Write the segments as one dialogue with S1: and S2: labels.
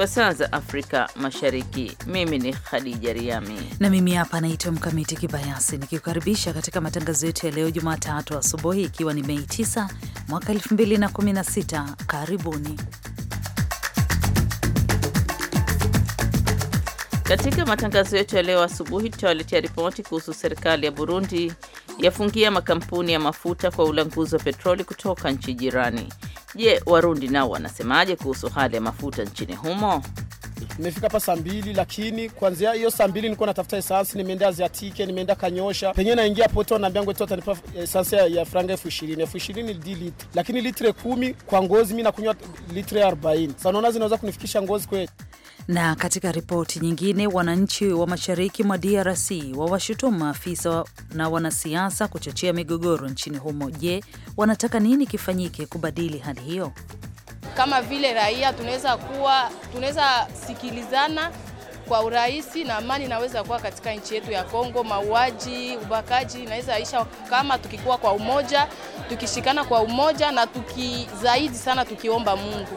S1: kwa saa za Afrika Mashariki. Mimi ni Khadija Riami
S2: na mimi hapa naitwa Mkamiti Kibayasi nikikukaribisha katika matangazo yetu ya leo Jumatatu asubuhi, ikiwa ni Mei 9 mwaka 2016. Karibuni
S1: katika matangazo yetu ya leo asubuhi. Tutawaletea ripoti kuhusu serikali ya Burundi yafungia makampuni ya mafuta kwa ulanguzi wa petroli kutoka nchi jirani. Je, Warundi nao wanasemaje kuhusu hali ya mafuta nchini humo? Nimefika hapa saa mbili, lakini kwanzia hiyo saa mbili nilikuwa natafuta esansi, nimeenda
S3: ziatike nimeenda Kanyosha, penyewe naingia poto, naambia ngwe atanipa esansi ya franga elfu ishirini elfu ishirini di litre, lakini litre kumi kwa ngozi, mi nakunywa litre arobaini. Sasa unaona zinaweza kunifikisha ngozi kweli?
S2: Na katika ripoti nyingine, wananchi wa mashariki mwa DRC wawashutumu maafisa na wanasiasa kuchochea migogoro nchini humo. Je, wanataka nini kifanyike kubadili hali hiyo?
S4: Kama vile raia tunaweza kuwa tunaweza sikilizana kwa urahisi na amani inaweza kuwa katika nchi yetu ya Kongo. Mauaji, ubakaji inaweza isha kama tukikuwa kwa umoja, tukishikana kwa umoja na tuki zaidi sana tukiomba Mungu.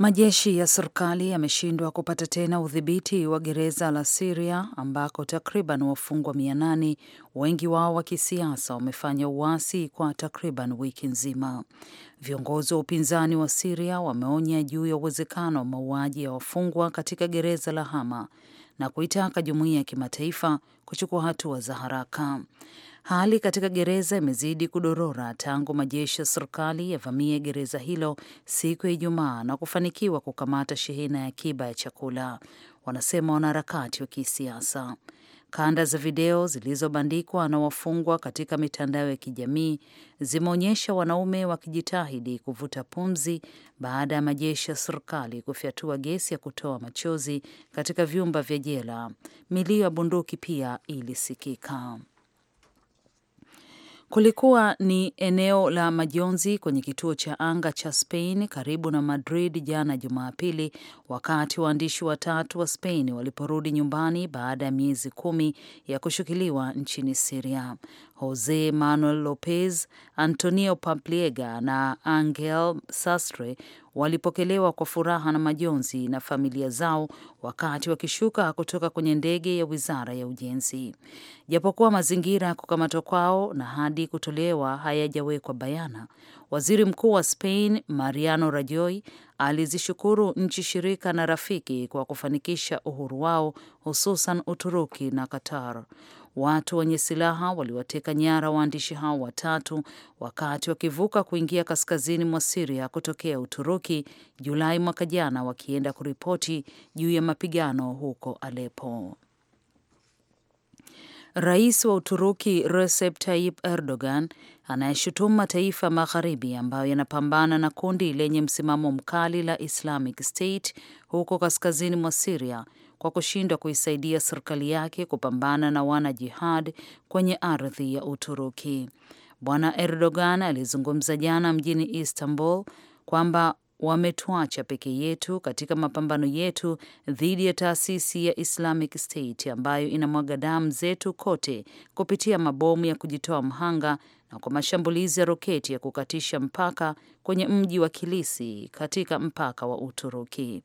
S2: Majeshi ya serikali yameshindwa kupata tena udhibiti wa gereza la Siria ambako takriban wafungwa mia nane wengi wao wa kisiasa wamefanya uasi kwa takriban wiki nzima. Viongozi wa upinzani wa Siria wameonya juu ya uwezekano wa mauaji ya wafungwa katika gereza la Hama na kuitaka jumuiya ya kimataifa kuchukua hatua za haraka. Hali katika gereza imezidi kudorora tangu majeshi ya serikali yavamie gereza hilo siku ya Ijumaa na kufanikiwa kukamata shehena ya akiba ya chakula, wanasema wanaharakati wa kisiasa. Kanda za video zilizobandikwa na wafungwa katika mitandao ya kijamii zimeonyesha wanaume wakijitahidi kuvuta pumzi baada ya majeshi ya serikali kufyatua gesi ya kutoa machozi katika vyumba vya jela. Milio ya bunduki pia ilisikika. Kulikuwa ni eneo la majonzi kwenye kituo cha anga cha Spain karibu na Madrid jana Jumapili, wakati waandishi watatu wa Spain waliporudi nyumbani baada ya miezi kumi ya kushukiliwa nchini Siria. Jose Manuel Lopez, Antonio Pampliega na Angel Sastre walipokelewa kwa furaha na majonzi na familia zao wakati wakishuka kutoka kwenye ndege ya Wizara ya Ujenzi. Japokuwa mazingira ya kukamatwa kwao na hadi kutolewa hayajawekwa bayana, Waziri Mkuu wa Spain Mariano Rajoy alizishukuru nchi shirika na rafiki kwa kufanikisha uhuru wao, hususan Uturuki na Qatar. Watu wenye silaha waliwateka nyara waandishi hao watatu wakati wakivuka kuingia kaskazini mwa Siria kutokea Uturuki Julai mwaka jana, wakienda kuripoti juu ya mapigano huko alepo Rais wa Uturuki Recep Tayyip Erdogan anayeshutumu mataifa ya magharibi ambayo yanapambana na kundi lenye msimamo mkali la Islamic State huko kaskazini mwa Siria kwa kushindwa kuisaidia serikali yake kupambana na wanajihad kwenye ardhi ya Uturuki. Bwana Erdogan alizungumza jana mjini Istanbul kwamba wametuacha peke yetu katika mapambano yetu dhidi ya taasisi ya Islamic State ambayo inamwaga damu zetu kote kupitia mabomu ya kujitoa mhanga na kwa mashambulizi ya roketi ya kukatisha mpaka kwenye mji wa Kilisi katika mpaka wa Uturuki.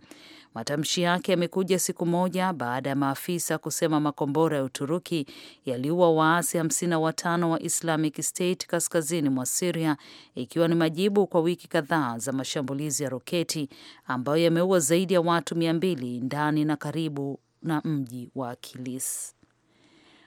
S2: Matamshi yake yamekuja siku moja baada ya maafisa kusema makombora ya Uturuki yaliua waasi 55 wa Islamic State kaskazini mwa Siria, ikiwa ni majibu kwa wiki kadhaa za mashambulizi ya roketi ambayo yameua zaidi ya watu 2 ndani na karibu na mji wa kilisi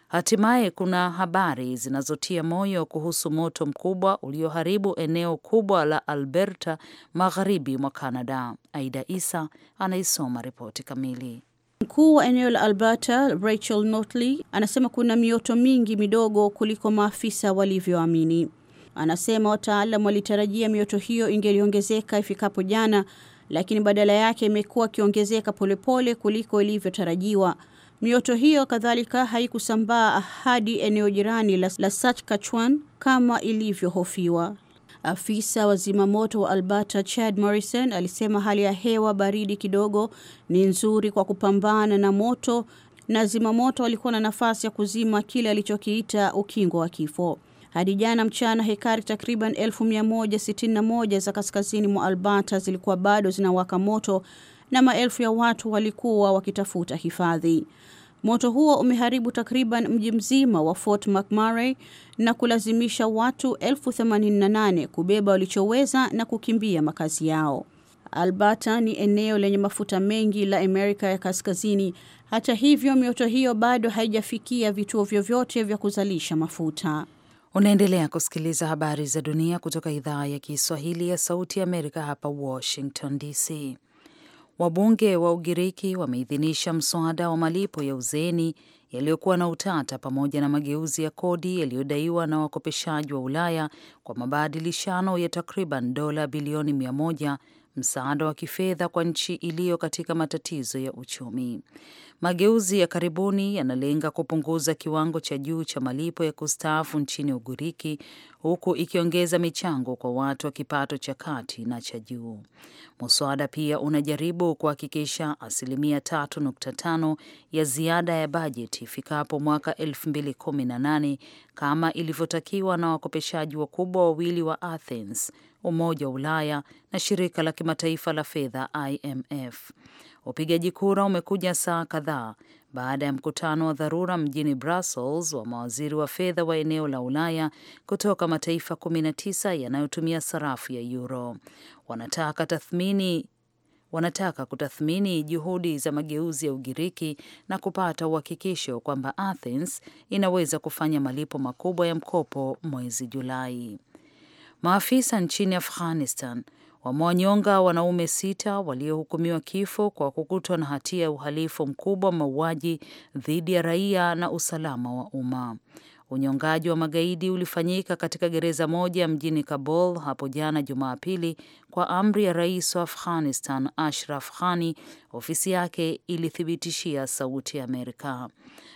S2: Hatimaye kuna habari zinazotia moyo kuhusu moto mkubwa ulioharibu eneo kubwa la Alberta magharibi mwa canada Aida Isa anaisoma ripoti kamili.
S5: Mkuu wa eneo la Alberta Rachel Notley anasema kuna mioto mingi midogo kuliko maafisa walivyoamini. Anasema wataalam walitarajia mioto hiyo ingeliongezeka ifikapo jana, lakini badala yake imekuwa ikiongezeka polepole kuliko ilivyotarajiwa. Mioto hiyo kadhalika haikusambaa hadi eneo jirani la, la Saskatchewan kama ilivyohofiwa. Afisa wa zimamoto wa Alberta Chad Morrison alisema hali ya hewa baridi kidogo ni nzuri kwa kupambana na moto na zimamoto walikuwa na nafasi ya kuzima kile alichokiita ukingo wa kifo. Hadi jana mchana, hekari takriban 1161 za kaskazini mwa Alberta zilikuwa bado zinawaka moto na maelfu ya watu walikuwa wakitafuta hifadhi. Moto huo umeharibu takriban mji mzima wa Fort McMurray na kulazimisha watu elfu 88 kubeba walichoweza na kukimbia makazi yao. Alberta ni eneo lenye mafuta mengi la Amerika ya Kaskazini. Hata hivyo, mioto hiyo
S2: bado haijafikia vituo vyovyote vya kuzalisha mafuta. Unaendelea kusikiliza habari za dunia kutoka idhaa ya Kiswahili ya Sauti ya Amerika hapa Washington DC. Wabunge wa Ugiriki wameidhinisha mswada wa malipo ya uzeeni yaliyokuwa na utata pamoja na mageuzi ya kodi yaliyodaiwa na wakopeshaji wa Ulaya kwa mabadilishano ya takriban dola bilioni mia moja msaada wa kifedha kwa nchi iliyo katika matatizo ya uchumi. Mageuzi ya karibuni yanalenga kupunguza kiwango cha juu cha malipo ya kustaafu nchini Ugiriki, huku ikiongeza michango kwa watu wa kipato cha kati na cha juu. Muswada pia unajaribu kuhakikisha asilimia 3.5 ya ziada ya bajeti ifikapo mwaka 2018 kama ilivyotakiwa na wakopeshaji wakubwa wawili wa Athens Umoja wa Ulaya na shirika la kimataifa la fedha IMF. Upigaji kura umekuja saa kadhaa baada ya mkutano wa dharura mjini Brussels wa mawaziri wa fedha wa eneo la Ulaya kutoka mataifa 19 yanayotumia sarafu ya euro. Wanataka tathmini wanataka kutathmini juhudi za mageuzi ya Ugiriki na kupata uhakikisho kwamba Athens inaweza kufanya malipo makubwa ya mkopo mwezi Julai. Maafisa nchini Afghanistan wamewanyonga wanaume sita waliohukumiwa kifo kwa kukutwa na hatia ya uhalifu mkubwa wa mauaji dhidi ya raia na usalama wa umma. Unyongaji wa magaidi ulifanyika katika gereza moja mjini Kabul hapo jana Jumapili kwa amri ya rais wa Afghanistan Ashraf Ghani, ofisi yake ilithibitishia Sauti ya Amerika.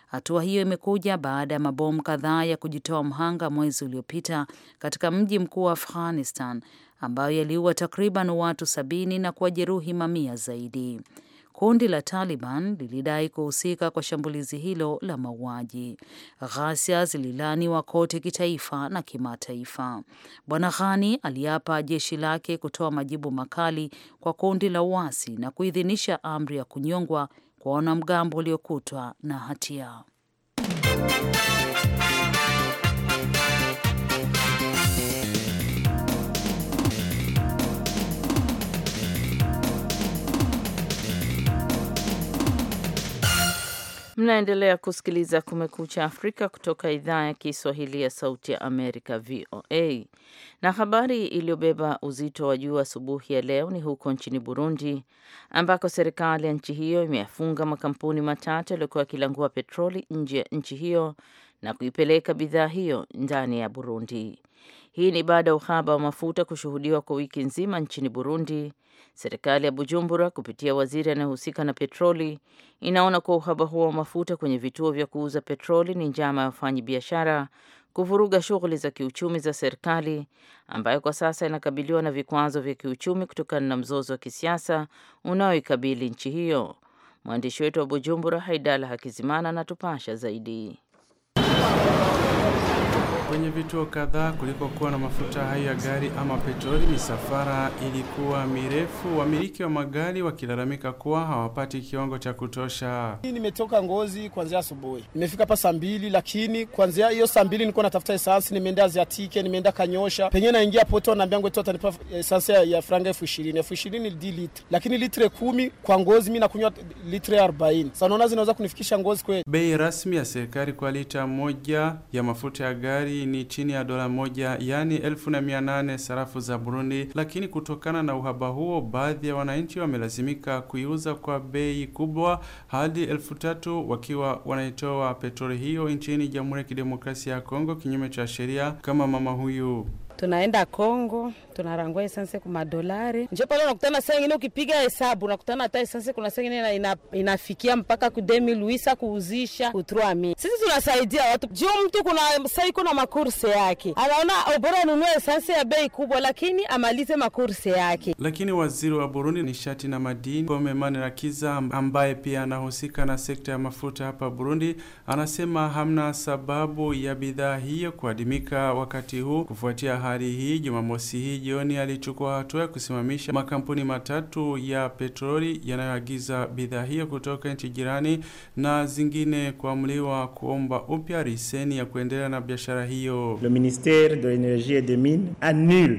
S2: Hatua hiyo imekuja baada ya mabomu kadhaa ya kujitoa mhanga mwezi uliopita katika mji mkuu wa Afghanistan ambayo yaliua takriban watu sabini na kuwajeruhi mamia zaidi. Kundi la Taliban lilidai kuhusika kwa shambulizi hilo la mauaji. Ghasia zililaniwa kote kitaifa na kimataifa. Bwana Ghani aliapa jeshi lake kutoa majibu makali kwa kundi la uasi na kuidhinisha amri ya kunyongwa kwa wanamgambo waliokutwa na hatia.
S1: Mnaendelea kusikiliza Kumekucha Afrika kutoka idhaa ya Kiswahili ya Sauti ya Amerika, VOA. Na habari iliyobeba uzito wa juu asubuhi ya leo ni huko nchini Burundi, ambako serikali ya nchi hiyo imeyafunga makampuni matatu yaliyokuwa yakilangua petroli nje ya nchi hiyo na kuipeleka bidhaa hiyo ndani ya Burundi. Hii ni baada ya uhaba wa mafuta kushuhudiwa kwa wiki nzima nchini Burundi, Serikali ya Bujumbura kupitia waziri anayehusika na petroli inaona kuwa uhaba huo wa mafuta kwenye vituo vya kuuza petroli ni njama ya biashara kuvuruga shughuli za kiuchumi za serikali ambayo kwa sasa inakabiliwa na vikwazo vya kiuchumi kutokana na mzozo wa kisiasa unaoikabili nchi hiyo. Mwandishi wetu wa Bujumbura, Haidala Hakizimana, anatupasha zaidi.
S6: Kwenye vituo kadhaa kulikokuwa na mafuta hayo ya gari ama petroli, misafara ilikuwa mirefu, wamiliki wa magari wakilalamika kuwa hawapati kiwango cha kutosha.
S3: Hii nimetoka Ngozi kuanzia asubuhi, nimefika hapa saa mbili, lakini kuanzia hiyo saa mbili nilikuwa natafuta esansi, nimeenda Aziatike, nimeenda Kanyosha, penyewe naingia poto, naambia tu atanipa esansi ya franga elfu ishirini elfu ishirini di litre, lakini litre kumi kwa Ngozi mi nakunywa litre arobaini. Sasa naona zinaweza kunifikisha Ngozi kweli.
S6: Bei rasmi ya serikali kwa lita moja ya mafuta ya gari ni chini ya dola moja, yaani elfu na mia nane sarafu za Burundi, lakini kutokana na uhaba huo, baadhi ya wananchi wamelazimika kuiuza kwa bei kubwa hadi elfu tatu wakiwa wanaitoa petroli hiyo nchini Jamhuri ya Kidemokrasia ya Kongo kinyume cha sheria, kama mama huyu
S2: tunaenda Kongo tunarangua esanse kwa madolari, pale unakutana saa ingine ukipiga
S1: hesabu unakutana hata esanse kuna saa ingine ina, inafikia mpaka ku luisa kuuzisha ku Sisi tunasaidia watu juu mtu kuna saa na makurse yake, anaona oh, bora
S2: anunua esanse ya bei kubwa, lakini amalize makurse yake.
S6: Lakini waziri wa Burundi nishati na madini Pomemane Rakiza ambaye pia anahusika na sekta ya mafuta hapa Burundi anasema hamna sababu ya bidhaa hiyo kuadimika wakati huu kufuatia hali hii, Jumamosi hii jioni alichukua hatua ya kusimamisha makampuni matatu ya petroli yanayoagiza bidhaa hiyo kutoka nchi jirani na zingine kuamriwa kuomba upya leseni ya kuendelea na biashara hiyo. Le
S3: ministère de l'Énergie et des Mines annule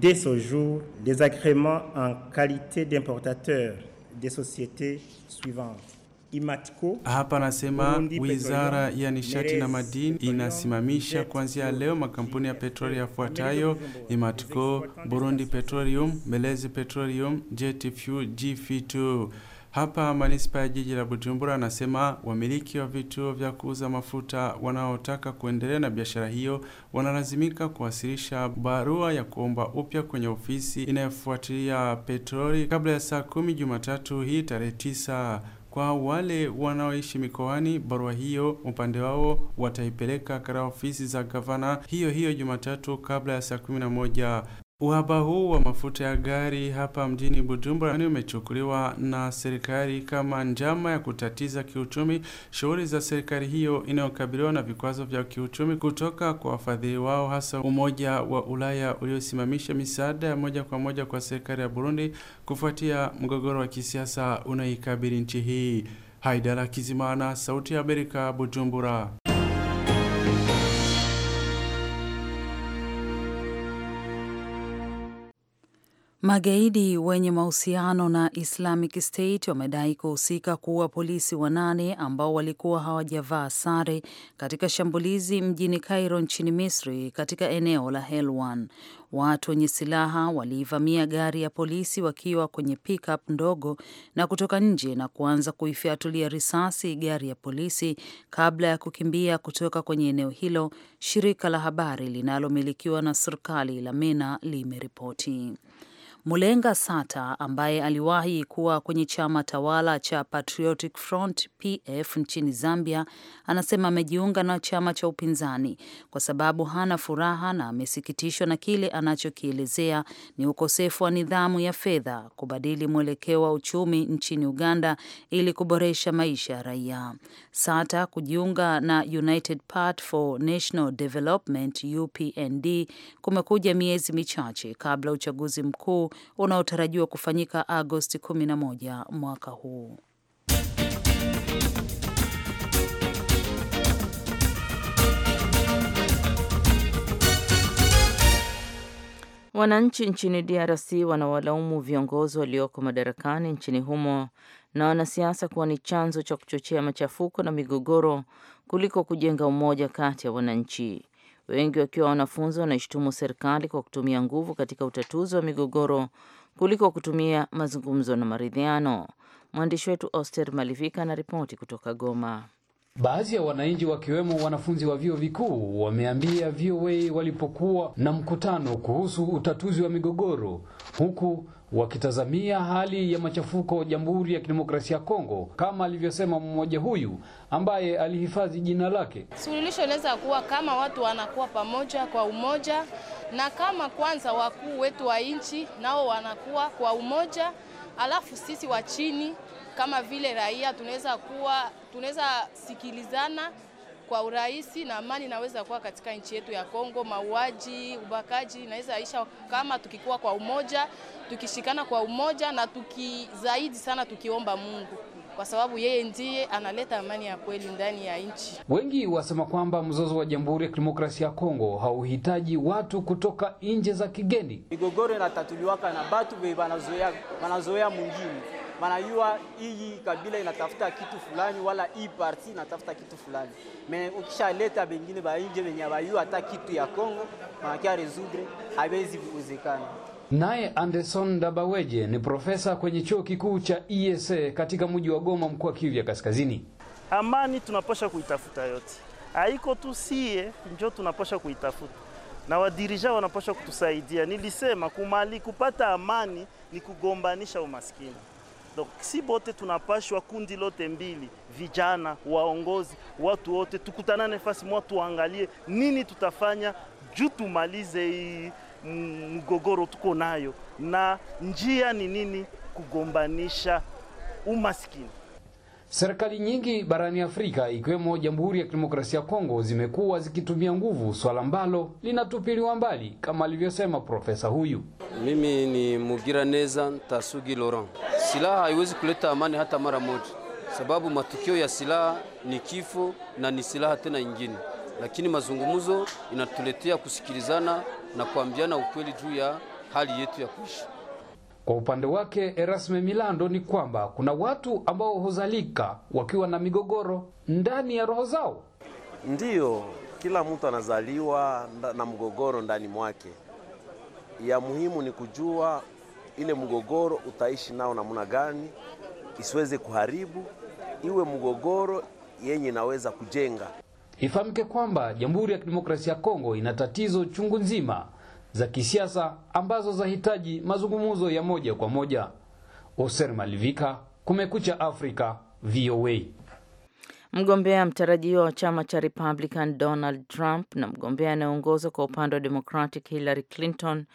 S3: dès ce jour les agréments en qualité d'importateur des sociétés suivantes. Imatiko.
S6: Hapa anasema wizara ya nishati na madini inasimamisha kuanzia leo makampuni ya petroli yafuatayo: Imatiko, Burundi Petroleum, Melezi Petroleum, Jet Fuel, G 2 Hapa manispa ya jiji la Bujumbura anasema wamiliki wa vituo vya kuuza mafuta wanaotaka kuendelea na biashara hiyo wanalazimika kuwasilisha barua ya kuomba upya kwenye ofisi inayofuatilia petroli kabla ya saa kumi Jumatatu hii tarehe tisa. Kwa wale wanaoishi mikoani, barua hiyo upande wao wataipeleka katika ofisi za gavana hiyo hiyo Jumatatu kabla ya saa kumi na moja Uhaba huu wa mafuta ya gari hapa mjini Bujumbura ni umechukuliwa na serikali kama njama ya kutatiza kiuchumi shughuli za serikali hiyo inayokabiliwa na vikwazo vya kiuchumi kutoka kwa wafadhili wao, hasa Umoja wa Ulaya uliosimamisha misaada ya moja kwa moja kwa serikali ya Burundi kufuatia mgogoro wa kisiasa unaikabili nchi hii. Haidara Kizimana, Sauti ya Amerika, Bujumbura.
S2: Magaidi wenye mahusiano na Islamic State wamedai kuhusika kuua polisi wanane ambao walikuwa hawajavaa sare katika shambulizi mjini Cairo nchini Misri katika eneo la Helwan. Watu wenye silaha waliivamia gari ya polisi wakiwa kwenye pickup ndogo na kutoka nje na kuanza kuifyatulia risasi gari ya polisi kabla ya kukimbia kutoka kwenye eneo hilo, shirika la habari linalomilikiwa na serikali la MENA limeripoti. Mulenga Sata ambaye aliwahi kuwa kwenye chama tawala cha Patriotic Front PF nchini Zambia anasema amejiunga na chama cha upinzani kwa sababu hana furaha na amesikitishwa na kile anachokielezea ni ukosefu wa nidhamu ya fedha, kubadili mwelekeo wa uchumi nchini Uganda ili kuboresha maisha ya raia. Sata kujiunga na United Path for National Development UPND kumekuja miezi michache kabla uchaguzi mkuu unaotarajiwa kufanyika Agosti 11 mwaka huu.
S1: Wananchi nchini DRC wanawalaumu viongozi walioko madarakani nchini humo na wanasiasa kuwa ni chanzo cha kuchochea machafuko na migogoro kuliko kujenga umoja kati ya wananchi wengi wakiwa wanafunzi, wanaishtumu serikali kwa kutumia nguvu katika utatuzi wa migogoro kuliko kutumia mazungumzo na maridhiano. Mwandishi wetu Oster Malivika anaripoti kutoka Goma. Baadhi ya
S7: wananchi wakiwemo wanafunzi wa vyuo vikuu wameambia VOA walipokuwa na mkutano kuhusu utatuzi wa migogoro, huku wakitazamia hali ya machafuko Jamhuri ya Kidemokrasia ya Kongo, kama alivyosema mmoja huyu ambaye alihifadhi jina lake.
S4: Suluhisho inaweza kuwa kama watu wanakuwa pamoja kwa umoja, na kama kwanza wakuu wetu wa nchi nao wanakuwa kwa umoja, alafu sisi wa chini kama vile raia tunaweza kuwa tunaweza sikilizana kwa urahisi na amani inaweza kuwa katika nchi yetu ya Kongo. Mauaji, ubakaji inaweza aisha kama tukikuwa kwa umoja, tukishikana kwa umoja na tuki zaidi sana tukiomba Mungu kwa sababu yeye ndiye analeta amani ya kweli ndani ya nchi.
S7: Wengi wasema kwamba mzozo wa Jamhuri ya Kidemokrasia ya Kongo hauhitaji watu kutoka nje za kigeni.
S3: Migogoro inatatuliwaka na batu wanazoea mwingine wanajua hii kabila inatafuta kitu fulani, wala hii parti inatafuta kitu fulani. Me ukishaleta bengine bainje benye abayua hata kitu ya Kongo, manakia resudre hawezi kuwezekana.
S7: Naye Anderson Dabaweje ni profesa kwenye chuo kikuu cha ESA katika mji wa Goma, mkoa Kivu ya Kaskazini. Amani tunapasha
S3: kuitafuta yote, haiko tu sie njo tunapasha kuitafuta na wadirija wanapasha kutusaidia. Nilisema kumali kupata amani ni kugombanisha umaskini. Donc si bote tunapashwa, kundi lote mbili, vijana, waongozi, watu wote tukutanane fasi mwa, tuangalie nini tutafanya juu tumalize hii mgogoro tuko nayo, na njia ni nini? Kugombanisha umaskini
S7: Serikali nyingi barani Afrika ikiwemo Jamhuri ya Kidemokrasia ya Kongo zimekuwa zikitumia nguvu, swala ambalo linatupiliwa mbali kama alivyosema profesa huyu. Mimi ni mugira neza Tasugi Laurent. Silaha haiwezi kuleta amani hata mara moja, sababu matukio ya silaha ni kifo na ni silaha tena nyingine, lakini mazungumzo inatuletea kusikilizana na kuambiana ukweli juu ya hali yetu ya kuishi. Kwa upande wake Erasme Milando ni kwamba kuna watu ambao huzalika wakiwa na migogoro ndani ya roho zao.
S3: Ndiyo, kila mtu anazaliwa na mgogoro ndani mwake. Ya muhimu ni kujua ile mgogoro utaishi nao namna gani, isiweze kuharibu, iwe mgogoro yenye inaweza kujenga.
S7: Ifahamike kwamba Jamhuri ya Kidemokrasia ya Kongo ina tatizo chungu nzima za kisiasa ambazo zahitaji mazungumzo ya moja kwa moja. Oser Malivika, Kumekucha Afrika, VOA.
S1: Mgombea mtarajiwa wa chama cha Republican Donald Trump na mgombea anayeongoza kwa upande wa Democratic Hillary Clinton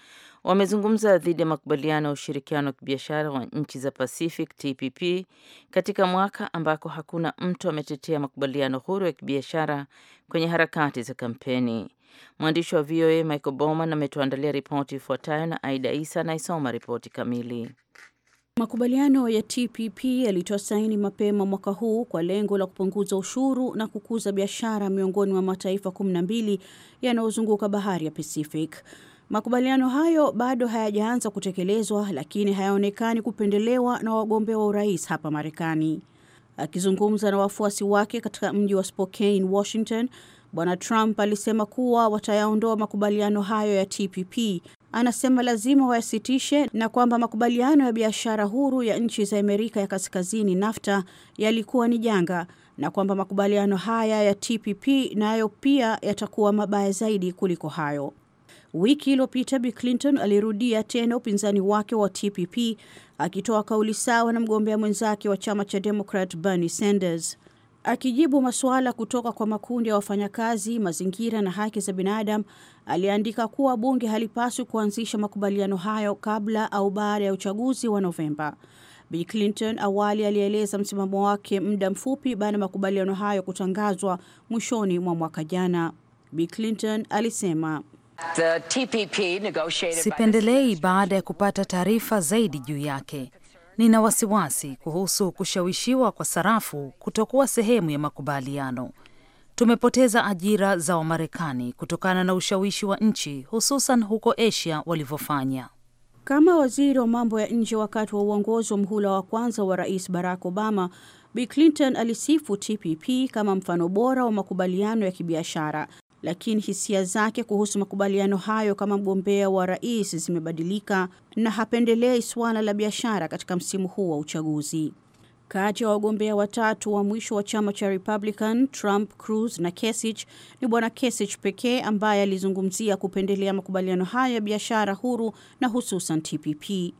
S1: wamezungumza dhidi ya makubaliano ya ushirikiano wa kibiashara wa nchi za Pacific TPP katika mwaka ambako hakuna mtu ametetea makubaliano huru ya kibiashara kwenye harakati za kampeni. Mwandishi wa VOA Michael Bowman ametuandalia ripoti ifuatayo na Aida Isa anaisoma ripoti kamili.
S5: Makubaliano ya TPP yalitoa saini mapema mwaka huu kwa lengo la kupunguza ushuru na kukuza biashara miongoni mwa mataifa 12 yanayozunguka bahari ya Pacific. Makubaliano hayo bado hayajaanza kutekelezwa, lakini hayaonekani kupendelewa na wagombea wa urais hapa Marekani. Akizungumza na wafuasi wake katika mji wa Spokane, Washington, Bwana Trump alisema kuwa watayaondoa makubaliano hayo ya TPP. Anasema lazima wayasitishe na kwamba makubaliano ya biashara huru ya nchi za Amerika ya Kaskazini NAFTA yalikuwa ni janga na kwamba makubaliano haya ya TPP nayo na pia yatakuwa mabaya zaidi kuliko hayo. Wiki iliyopita Bi Clinton alirudia tena upinzani wake wa TPP akitoa kauli sawa na mgombea mwenzake wa chama cha Democrat Bernie Sanders. Akijibu masuala kutoka kwa makundi ya wafanyakazi, mazingira na haki za binadamu, aliandika kuwa bunge halipaswi kuanzisha makubaliano hayo kabla au baada ya uchaguzi wa Novemba. Bi Clinton awali alieleza msimamo wake muda mfupi baada ya makubaliano hayo kutangazwa mwishoni mwa mwaka jana. Bi Clinton alisema
S2: sipendelei baada ya kupata taarifa zaidi juu yake nina wasiwasi kuhusu kushawishiwa kwa sarafu kutokuwa sehemu ya makubaliano. Tumepoteza ajira za Wamarekani kutokana na ushawishi wa nchi, hususan huko Asia walivyofanya.
S5: Kama waziri wa mambo ya nje wakati wa uongozi wa mhula wa kwanza wa Rais Barack Obama, bill Clinton alisifu TPP kama mfano bora wa makubaliano ya kibiashara lakini hisia zake kuhusu makubaliano hayo kama mgombea wa rais zimebadilika na hapendelei suala la biashara katika msimu huu wa uchaguzi. Kati ya wagombea watatu wa mwisho wa chama cha Republican, Trump, Cruz na Kesich, ni bwana Kesich pekee ambaye alizungumzia kupendelea makubaliano hayo ya biashara huru na hususan TPP.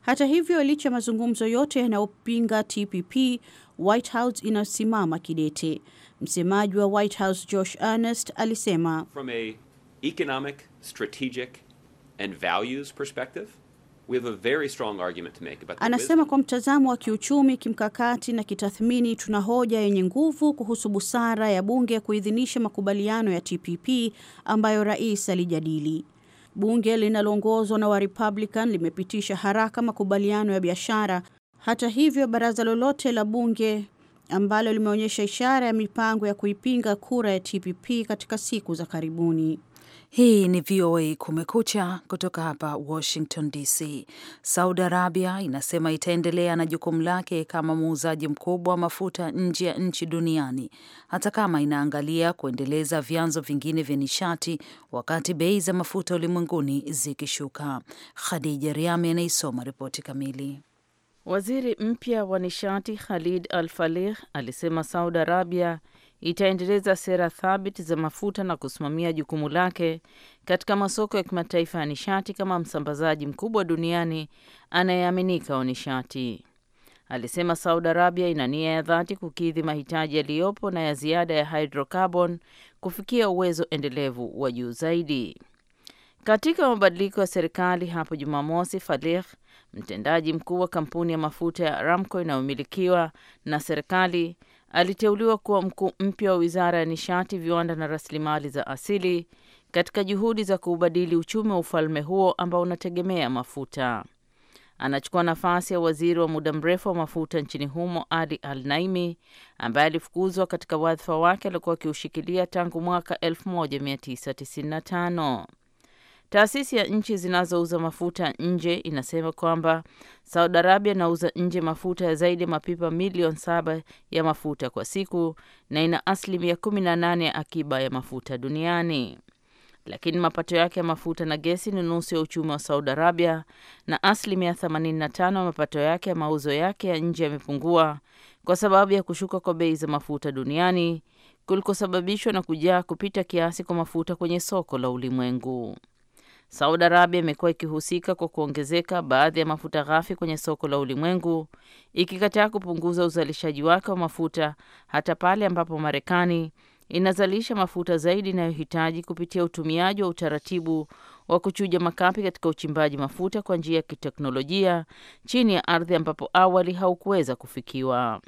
S5: Hata hivyo, licha ya mazungumzo yote yanayopinga TPP, White House inasimama kidete. Msemaji wa White House Josh Earnest alisema
S3: From a economic, strategic and values perspective We have a very strong argument to make about the anasema, kwa
S5: mtazamo wa kiuchumi, kimkakati na kitathmini, tuna hoja yenye nguvu kuhusu busara ya bunge kuidhinisha makubaliano ya TPP ambayo rais alijadili. Bunge linaloongozwa na Warepublican limepitisha haraka makubaliano ya biashara. Hata hivyo, baraza lolote la bunge ambalo limeonyesha ishara ya mipango ya kuipinga
S2: kura ya TPP katika siku za karibuni. Hii ni VOA Kumekucha kutoka hapa Washington DC. Saudi Arabia inasema itaendelea na jukumu lake kama muuzaji mkubwa wa mafuta nje ya nchi duniani hata kama inaangalia kuendeleza vyanzo vingine vya nishati wakati bei za mafuta ulimwenguni
S1: zikishuka. Khadija Riami anaisoma ripoti kamili. Waziri mpya wa nishati Khalid Al Falih alisema Saudi Arabia itaendeleza sera thabiti za mafuta na kusimamia jukumu lake katika masoko ya kimataifa ya nishati kama msambazaji mkubwa duniani anayeaminika wa nishati. Alisema Saudi Arabia ina nia ya dhati kukidhi mahitaji yaliyopo na ya ziada ya hydrocarbon kufikia uwezo endelevu wa juu zaidi. Katika mabadiliko ya serikali hapo Jumamosi, Falih Mtendaji mkuu wa kampuni ya mafuta ya Aramco inayomilikiwa na serikali aliteuliwa kuwa mkuu mpya wa wizara ya nishati, viwanda na rasilimali za asili katika juhudi za kuubadili uchumi wa ufalme huo ambao unategemea mafuta. Anachukua nafasi ya waziri wa muda mrefu wa mafuta nchini humo Ali Al Naimi, ambaye alifukuzwa katika wadhifa wake aliokuwa akiushikilia tangu mwaka 1995. Taasisi ya nchi zinazouza mafuta nje inasema kwamba Saudi Arabia inauza nje mafuta ya zaidi ya mapipa milioni saba ya mafuta kwa siku na ina asilimia 18 ya akiba ya mafuta duniani, lakini mapato yake ya mafuta na gesi ni nusu ya uchumi wa Saudi Arabia na asilimia 85 ya mapato yake ya mauzo yake ya nje yamepungua kwa sababu ya kushuka kwa bei za mafuta duniani kulikosababishwa na kujaa kupita kiasi kwa mafuta kwenye soko la ulimwengu. Saudi Arabia imekuwa ikihusika kwa kuongezeka baadhi ya mafuta ghafi kwenye soko la ulimwengu, ikikataa kupunguza uzalishaji wake wa mafuta hata pale ambapo Marekani inazalisha mafuta zaidi inayohitaji kupitia utumiaji wa utaratibu wa kuchuja makapi katika uchimbaji mafuta kwa njia ya kiteknolojia chini ya ardhi ambapo awali haukuweza kufikiwa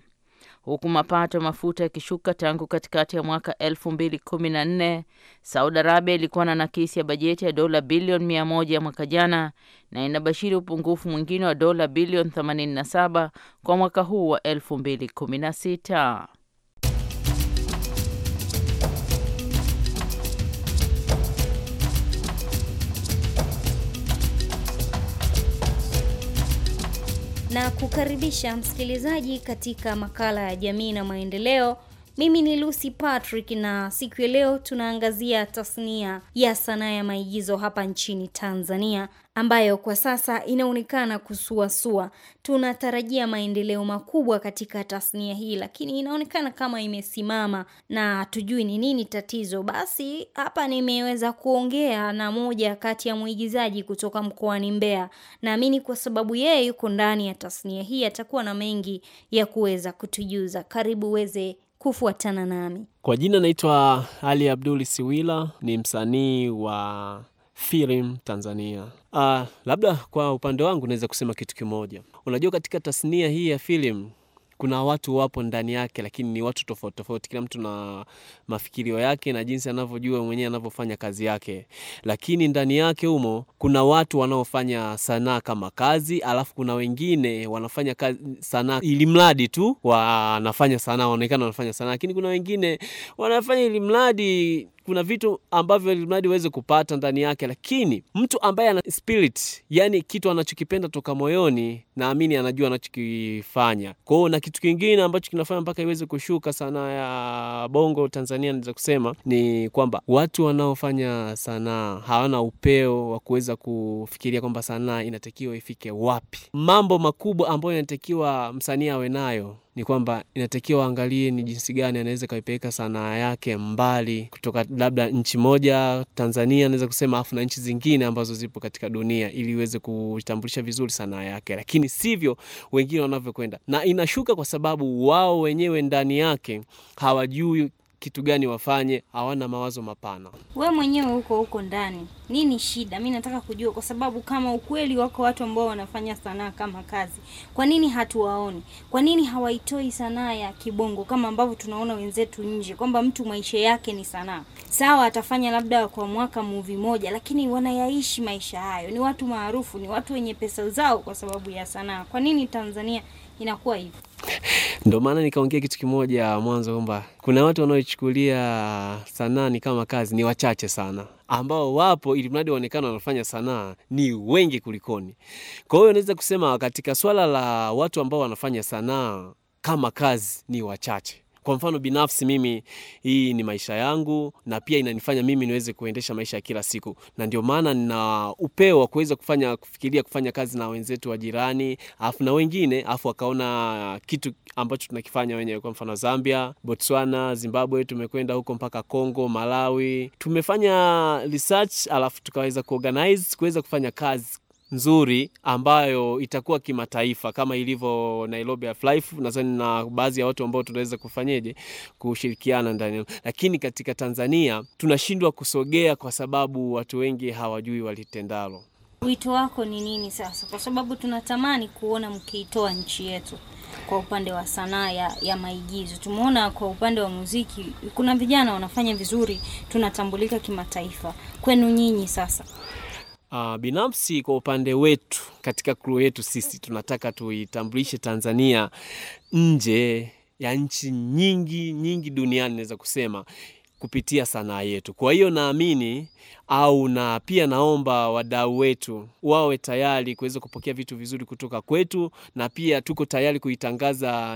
S1: huku mapato ya mafuta yakishuka tangu katikati ya mwaka 2014. Saudi Arabia ilikuwa na nakisi ya bajeti ya dola bilioni 100 mwaka jana na inabashiri upungufu mwingine wa dola bilioni 87 kwa mwaka huu wa 2016.
S8: na kukaribisha msikilizaji katika makala ya jamii na maendeleo mimi ni Lucy Patrick na siku ya leo tunaangazia tasnia ya sanaa ya maigizo hapa nchini Tanzania ambayo kwa sasa inaonekana kusuasua. Tunatarajia maendeleo makubwa katika tasnia hii, lakini inaonekana kama imesimama na hatujui ni nini tatizo. Basi hapa nimeweza kuongea na moja kati ya mwigizaji kutoka mkoani Mbeya. Naamini kwa sababu yeye yuko ndani ya tasnia hii, atakuwa na mengi ya kuweza kutujuza. Karibu weze kufuatana nami.
S3: Kwa jina naitwa Ali Abduli Siwila, ni msanii wa film Tanzania. Uh, labda kwa upande wangu naweza kusema kitu kimoja. Unajua, katika tasnia hii ya film kuna watu wapo ndani yake, lakini ni watu tofauti tofauti, kila mtu na mafikirio yake na jinsi anavyojua mwenyewe anavyofanya kazi yake, lakini ndani yake humo kuna watu wanaofanya sanaa kama kazi, alafu kuna wengine wanafanya kazi sanaa ili mradi tu wanafanya sanaa, wanaonekana wanafanya sanaa, lakini kuna wengine wanafanya ili mradi kuna vitu ambavyo ilimradi uweze kupata ndani yake, lakini mtu ambaye ana spirit, yani kitu anachokipenda toka moyoni, naamini anajua anachokifanya. Kwa hiyo na kitu kingine ambacho kinafanya mpaka iweze kushuka sanaa ya bongo Tanzania, naweza kusema ni kwamba watu wanaofanya sanaa hawana upeo wa kuweza kufikiria kwamba sanaa inatakiwa ifike wapi, mambo makubwa ambayo inatakiwa msanii awe nayo ni kwamba inatakiwa angalie ni jinsi gani anaweza kaipeleka sanaa yake mbali kutoka labda nchi moja Tanzania, anaweza kusema afu na nchi zingine ambazo zipo katika dunia, ili iweze kutambulisha vizuri sanaa yake, lakini sivyo wengine wanavyokwenda, na inashuka kwa sababu wao wenyewe ndani yake hawajui kitu gani wafanye, hawana mawazo mapana.
S8: We mwenyewe huko huko ndani, nini shida? Mi nataka kujua, kwa sababu kama ukweli wako watu ambao wanafanya sanaa kama kazi, kwa nini hatuwaoni? Kwa nini hawaitoi sanaa ya kibongo kama ambavyo tunaona wenzetu nje, kwamba mtu maisha yake ni sanaa? Sawa, atafanya labda kwa mwaka muvi moja, lakini wanayaishi maisha hayo. Ni watu maarufu, ni watu wenye pesa zao kwa sababu ya sanaa. Kwa nini Tanzania inakuwa hivyo?
S3: Ndo maana nikaongea kitu kimoja mwanzo kwamba kuna watu wanaoichukulia sanaa ni kama kazi, ni wachache sana, ambao wapo ili mradi waonekana wanafanya sanaa ni wengi kulikoni. Kwa hiyo naweza kusema katika swala la watu ambao wanafanya sanaa kama kazi ni wachache. Kwa mfano binafsi, mimi hii ni maisha yangu, na pia inanifanya mimi niweze kuendesha maisha ya kila siku, na ndio maana nina upeo wa kuweza kufanya kufikiria kufanya kazi na wenzetu wa jirani, afu na wengine, afu wakaona kitu ambacho tunakifanya wenyewe. Kwa mfano Zambia, Botswana, Zimbabwe, tumekwenda huko mpaka Kongo, Malawi, tumefanya research alafu tukaweza kuorganize kuweza kufanya kazi nzuri ambayo itakuwa kimataifa kama ilivyo Nairobi Half-Life, nadhani na baadhi ya watu ambao tunaweza kufanyeje kushirikiana ndani, lakini katika Tanzania tunashindwa kusogea kwa sababu watu wengi hawajui walitendalo.
S8: Wito wako ni nini sasa, kwa sababu tunatamani kuona mkiitoa nchi yetu kwa upande wa sanaa ya, ya maigizo? Tumeona kwa upande wa muziki kuna vijana wanafanya vizuri, tunatambulika kimataifa. Kwenu nyinyi sasa
S3: Uh, binafsi kwa upande wetu katika kru yetu sisi tunataka tuitambulishe Tanzania nje ya nchi nyingi nyingi duniani naweza kusema kupitia sanaa yetu. Kwa hiyo naamini au na pia naomba wadau wetu wawe tayari kuweza kupokea vitu vizuri kutoka kwetu, na pia tuko tayari kuitangaza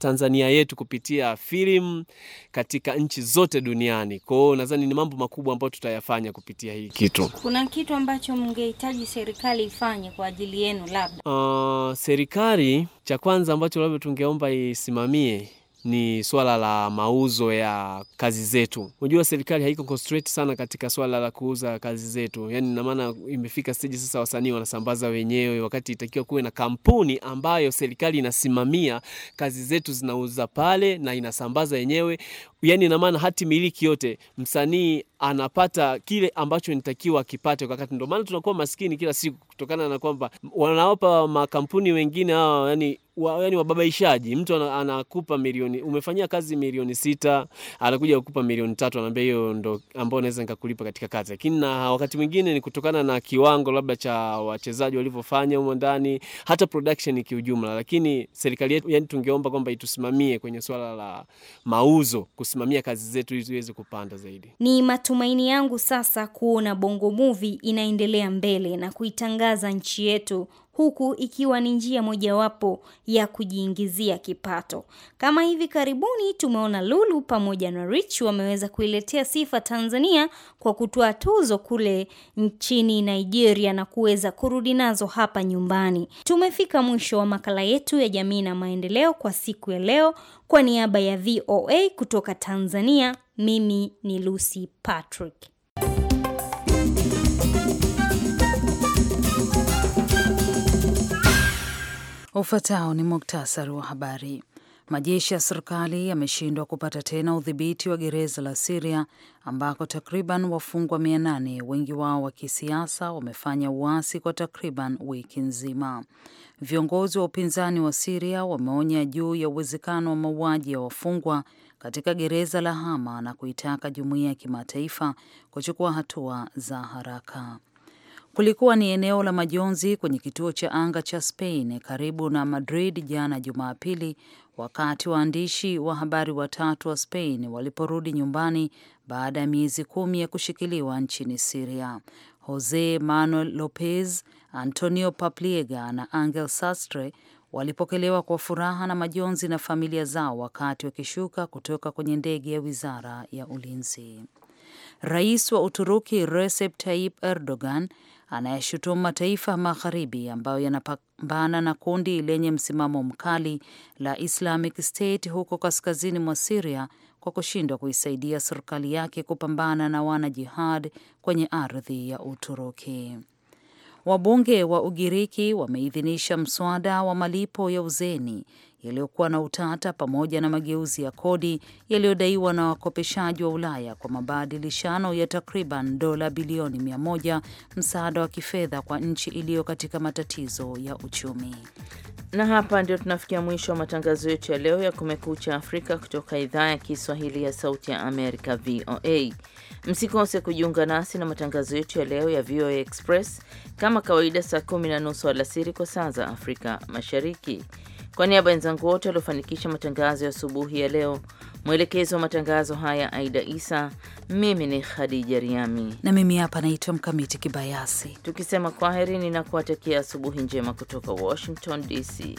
S3: Tanzania yetu kupitia filamu katika nchi zote duniani. Kwa hiyo nadhani ni mambo makubwa ambayo tutayafanya kupitia hii kitu.
S8: Kuna kitu ambacho mngehitaji serikali ifanye kwa ajili yenu labda?
S3: Uh, serikali cha kwanza ambacho labda tungeomba isimamie ni swala la mauzo ya kazi zetu. Unajua serikali haiko concentrate sana katika swala la kuuza kazi zetu, yani na maana imefika stage sasa wasanii wanasambaza wenyewe, wakati itakiwa kuwe na kampuni ambayo serikali inasimamia kazi zetu, zinauza pale na inasambaza yenyewe yani ina maana hati miliki yote msanii anapata kile ambacho nitakiwa akipate kwa wakati. Ndio maana tunakuwa maskini kila siku kutokana na kwamba wanawapa makampuni wengine hawa yani wa, yani wababaishaji. Mtu anakupa milioni, umefanyia kazi milioni sita, anakuja kukupa milioni tatu, anaambia hiyo ndo ambao naweza nikakulipa katika kazi. Lakini na wakati mwingine ni kutokana na kiwango labda cha wachezaji walivyofanya humo ndani, hata production kiujumla. Lakini serikali yetu yani tungeomba kwamba itusimamie kwenye swala la mauzo kus kusimamia kazi zetu ili ziweze kupanda zaidi.
S8: Ni matumaini yangu sasa kuona Bongo Movie inaendelea mbele na kuitangaza nchi yetu huku ikiwa ni njia mojawapo ya kujiingizia kipato. Kama hivi karibuni tumeona Lulu pamoja na Rich wameweza kuiletea sifa Tanzania kwa kutoa tuzo kule nchini Nigeria na kuweza kurudi nazo hapa nyumbani. Tumefika mwisho wa makala yetu ya jamii na maendeleo kwa siku ya leo. Kwa niaba ya VOA kutoka Tanzania, mimi ni Lucy Patrick.
S2: Ufuatao ni muktasari wa habari. Majeshi ya serikali yameshindwa kupata tena udhibiti wa gereza la Siria ambako takriban wafungwa mia nane wengi wao wa kisiasa wamefanya uasi kwa takriban wiki nzima. Viongozi wa upinzani wa Siria wameonya juu ya uwezekano wa mauaji ya wafungwa katika gereza la Hama na kuitaka jumuiya ya kimataifa kuchukua hatua za haraka. Kulikuwa ni eneo la majonzi kwenye kituo cha anga cha Spain karibu na Madrid jana Jumapili, wakati waandishi wa habari watatu wa Spain waliporudi nyumbani baada ya miezi kumi ya kushikiliwa nchini Siria. Jose Manuel Lopez, Antonio Papliega na Angel Sastre walipokelewa kwa furaha na majonzi na familia zao wakati wakishuka kutoka kwenye ndege ya wizara ya ulinzi. Rais wa Uturuki Recep Tayyip Erdogan anayeshutumu mataifa magharibi ambayo yanapambana na kundi lenye msimamo mkali la Islamic State huko kaskazini mwa Siria kwa kushindwa kuisaidia serikali yake kupambana na wanajihad kwenye ardhi ya Uturuki. Wabunge wa Ugiriki wameidhinisha mswada wa malipo ya uzeni yaliyokuwa na utata pamoja na mageuzi ya kodi yaliyodaiwa na wakopeshaji wa Ulaya kwa mabadilishano ya takriban dola bilioni mia moja msaada wa
S1: kifedha kwa nchi iliyo katika matatizo ya uchumi. Na hapa ndio tunafikia mwisho wa matangazo yetu ya leo ya Kumekucha Afrika kutoka idhaa ya Kiswahili ya Sauti ya Amerika, VOA. Msikose kujiunga nasi na matangazo yetu ya leo ya VOA Express kama kawaida, saa kumi na nusu alasiri kwa saa za Afrika Mashariki. Kwa niaba ya wenzangu wote waliofanikisha matangazo ya asubuhi ya leo, mwelekezi wa matangazo haya Aida Isa, mimi ni Khadija Riami
S2: na mimi hapa naitwa Mkamiti Kibayasi,
S1: tukisema kwaheri, ninakuwatakia asubuhi njema kutoka Washington DC.